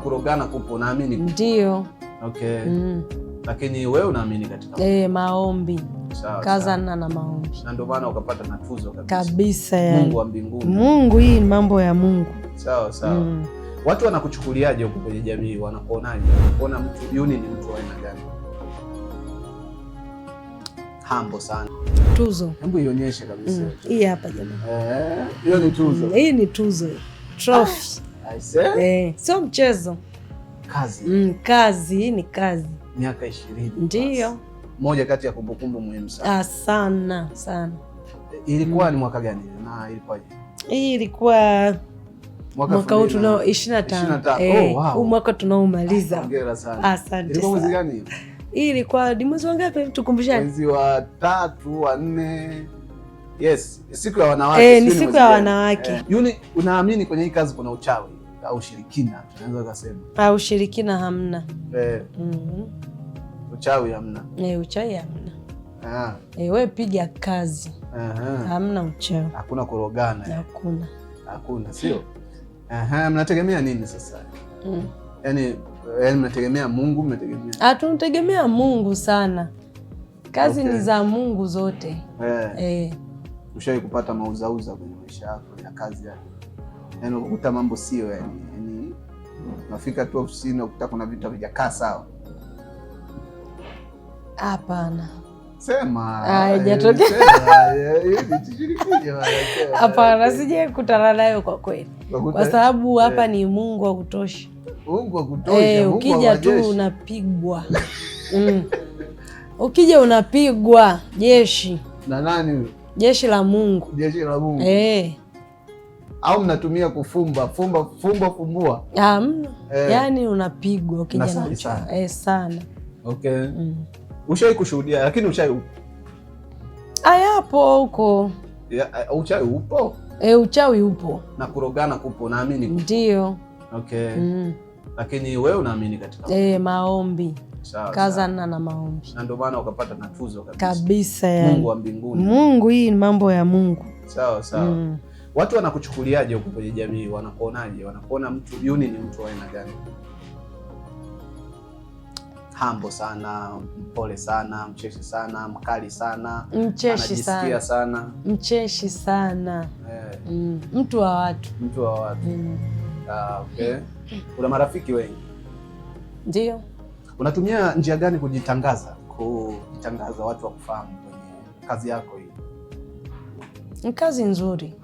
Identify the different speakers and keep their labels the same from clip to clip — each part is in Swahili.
Speaker 1: Kurogana kupo naamini
Speaker 2: ndio.
Speaker 1: Okay. Mm. Lakini wewe unaamini katika
Speaker 2: e, maombi Sao, kaza na na maombi
Speaker 1: na ndio maana ukapata na tuzo kabisa, kabisa yani. Mungu wa mbinguni.
Speaker 2: Mungu hii ni mambo ya Mungu
Speaker 1: sawa sawa. Mm. Watu wanakuchukuliaje huko kwenye jamii, wanakuonaje? Wanakuona mtu Yuni ni mtu wa aina gani? Hambo sana. Tuzo. Hebu ionyeshe kabisa. Mm.
Speaker 2: Hii hapa jamani.
Speaker 1: Eh, hiyo ni tuzo.
Speaker 2: Mm, hii ni tuzo. Trophy. Ah. Eh, sio mchezo kazi. Mm, kazi ni kazi.
Speaker 1: Miaka ishirini Ndio. moja kati ya kumbukumbu muhimu
Speaker 2: sana. Ah, sana sana.
Speaker 1: Ilikuwa mm. ni mwaka gani na ilikuwaje?
Speaker 2: Hii ilikuwa mwaka mwaka huu tunao 25.
Speaker 1: 25. Eh, oh, wow.
Speaker 2: huu mwaka tunaomaliza. Asante sana. Hii ilikuwa ni mwezi wa ngapi? Tukumbushane,
Speaker 1: mwezi wa tatu wa nne. Yes, siku ya wanawake.
Speaker 2: Eh, ni siku ya wanawake. Eh,
Speaker 1: Yuni, unaamini kwenye hii kazi kuna uchawi? au ushirikina, tunaweza kusema
Speaker 2: au ushirikina hamna
Speaker 1: eh. mm -hmm. uchawi hamna
Speaker 2: eh, uchawi hamna ah. eh, wewe piga kazi Aha. hamna uchawi,
Speaker 1: hakuna korogana,
Speaker 2: hakuna
Speaker 1: hakuna, sio Aha, mnategemea nini sasa? mm. yani yani mnategemea Mungu, mnategemea
Speaker 2: hatumtegemea ah, Mungu sana, kazi okay. ni za Mungu zote eh. Eh.
Speaker 1: Ushawahi kupata mauzauza kwenye maisha yako ya kazi yako? yani ukuta mambo sio yani, yani unafika tu ofisini ukuta kuna vitu havijakaa sawa.
Speaker 2: Hapana, sema haijatokea. Hapana, sijai kutana nayo kwa kweli, kwa sababu hapa eh. ni Mungu wa kutosha.
Speaker 1: Mungu wa kutosha.
Speaker 2: Eh, ukija tu unapigwa
Speaker 1: mm.
Speaker 2: Ukija unapigwa jeshi na nani? Jeshi la Mungu,
Speaker 1: jeshi la Mungu. E au mnatumia kufumba fumba fumba fumbua?
Speaker 2: Um, eh, yani unapigwa ukija na eh sana.
Speaker 1: Okay. Mm. Ushai kushuhudia lakini ushai
Speaker 2: ayapo huko
Speaker 1: ya, eh, uchawi upo
Speaker 2: e, uchawi upo
Speaker 1: na kurogana kupo, naamini
Speaker 2: ndio.
Speaker 1: Okay. Mm. Lakini wewe unaamini katika
Speaker 2: e, maombi Sao, kazana na maombi
Speaker 1: na ndio maana ukapata na tuzo kabisa
Speaker 2: kabisa, yani
Speaker 1: Mungu wa mbinguni.
Speaker 2: Mungu hii ni mambo ya Mungu.
Speaker 1: Sawa sawa. Mm watu wanakuchukuliaje huko kwenye jamii? Wanakuonaje? Wanakuona mtu yuni ni mtu wa aina gani? Hambo sana, mpole sana, mcheshi sana, mkali sana, mcheshi sana, sana,
Speaker 2: mcheshi sana yeah. mm, mtu wa watu,
Speaker 1: mtu wa watu mm. Ah, okay. Una marafiki wengi? Ndio. Unatumia njia gani kujitangaza, kujitangaza watu wa kufahamu kwenye kazi yako hii?
Speaker 2: Ni kazi nzuri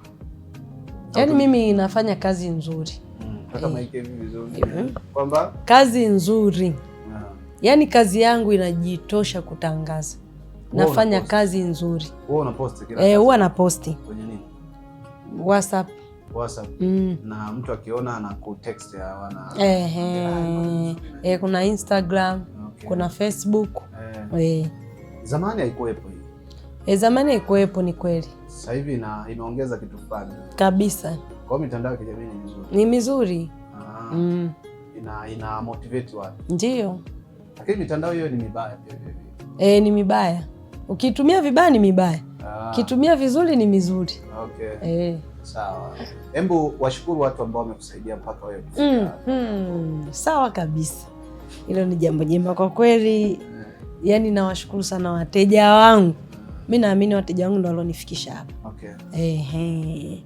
Speaker 2: yaani okay. Mimi nafanya kazi nzuri
Speaker 1: mm. E. E. Kwamba
Speaker 2: kazi nzuri yeah. Yaani kazi yangu inajitosha kutangaza uo nafanya kazi nzuri
Speaker 1: eh,
Speaker 2: huwa na posti kwenye nini? WhatsApp WhatsApp. Mm.
Speaker 1: Na mtu akiona anakutext wana
Speaker 2: eh, eh, eh, kuna Instagram okay. Kuna Facebook eh. Eh.
Speaker 1: Zamani haikuwepo
Speaker 2: E, zamani ikuwepo, ni kweli.
Speaker 1: Sasa hivi na imeongeza kitu fulani
Speaker 2: kabisa.
Speaker 1: Kwa mitandao ya kijamii ni mizuri,
Speaker 2: ni mizuri.
Speaker 1: Ah. mm. ina, ina motivate watu ndio, lakini mitandao hiyo ni mibaya pia pia.
Speaker 2: E, eh, ni mibaya ukitumia vibaya ni mibaya, ah. ukitumia vizuri ni mizuri. Okay. E.
Speaker 1: Sawa, hebu washukuru watu ambao wamekusaidia mpaka wewe.
Speaker 2: mm, mm, sawa kabisa, hilo ni jambo jema kwa kweli. Yani nawashukuru sana wateja wangu mi naamini wateja wangu ndo walionifikisha hapa okay. eh.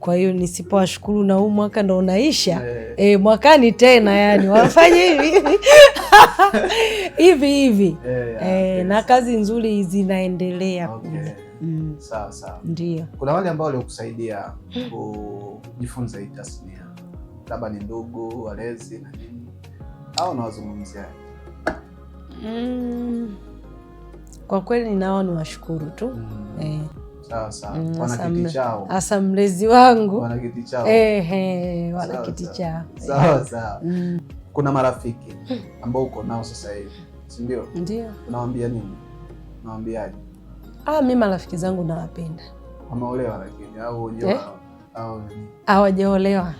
Speaker 2: Kwa hiyo nisipowashukuru na huu mwaka ndo unaisha eh. Eh, mwakani tena yani wafanye hivi hivi hivi
Speaker 1: eh, eh,
Speaker 2: na kazi nzuri zinaendelea okay.
Speaker 1: Mm. Sawa sawa, ndio kuna wale ambao waliokusaidia kujifunza hii tasnia, labda ni ndugu, walezi na nini, au unawazungumziaje?
Speaker 2: mm. Kwa kweli nao ni washukuru tu mm.
Speaker 1: eh. Mm,
Speaker 2: asa mlezi wangu wana kiti chao,
Speaker 1: Sawa sawa. Eh. Mm. Kuna marafiki ambao uko nao sasa hivi si ndio? Ndio. Unawaambia nini? Unawaambiaje?
Speaker 2: Ah, mi marafiki zangu nawapenda.
Speaker 1: Wameolewa lakini au eh?
Speaker 2: hawajaolewa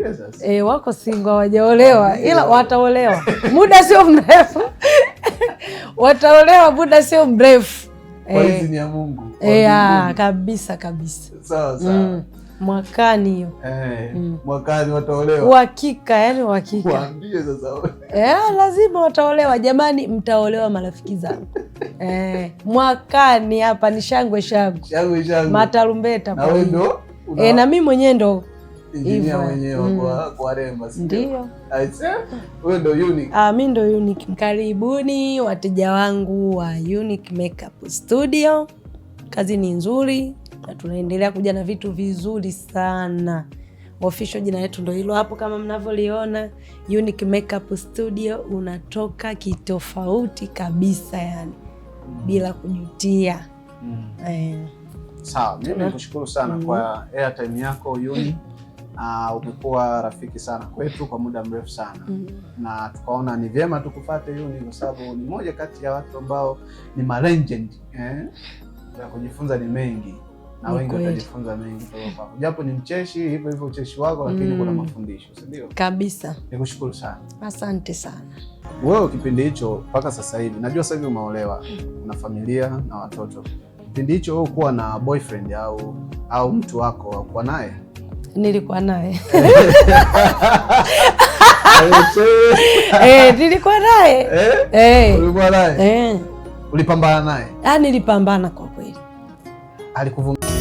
Speaker 2: eh? Eh, wako singo hawajaolewa, ila wataolewa muda sio mrefu wataolewa muda sio mrefu
Speaker 1: eh. ya eh, ah, Mungu
Speaker 2: kabisa kabisa.
Speaker 1: Sawa sawa. Mm.
Speaker 2: Mwakani hiyo
Speaker 1: eh, mm. Mwakani wataolewa
Speaker 2: uhakika, yani uhakika. sasa eh, lazima wataolewa jamani, mtaolewa marafiki zangu eh, mwakani hapa ni shangwe shangwe,
Speaker 1: shangwe shangwe,
Speaker 2: matarumbeta
Speaker 1: na
Speaker 2: na mimi mwenyewe ndo
Speaker 1: injinia wenyewe mm. kwa Remba ndio wewe ndo unique.
Speaker 2: Ah, mimi ndo unique. Karibuni wateja wangu wa Unique Makeup Studio, kazi ni nzuri na tunaendelea kuja na vitu vizuri sana. Official jina letu ndo hilo hapo, kama mnavyoliona Unique Makeup Studio, unatoka kitofauti kabisa yani mm. bila kujutia mm. eh.
Speaker 1: Sawa, mimi ah. nikushukuru sana mm. kwa airtime yako Uni na ah, umekuwa rafiki sana kwetu kwa muda mrefu sana mm -hmm. na tukaona ni vyema tukufate Yuni kwa sababu ni moja kati ya watu ambao ni legend eh? ya kujifunza ni mengi na wengi watajifunza mengi kwako, japo ni mcheshi hivyo hivyo ucheshi wako, lakini mm. kuna mafundisho, si ndio?
Speaker 2: Kabisa,
Speaker 1: nikushukuru sana,
Speaker 2: asante sana.
Speaker 1: Wewe kipindi hicho mpaka sasa hivi, najua sasa hivi umeolewa, una mm. familia na watoto. Kipindi hicho wewe kuwa na boyfriend au au mtu wako kuwa naye
Speaker 2: Eh, nilikuwa naye eh, nilikuwa naye eh, ulikuwa naye eh,
Speaker 1: ulipambana naye?
Speaker 2: Ah, nilipambana kwa kweli,
Speaker 1: alikuvumilia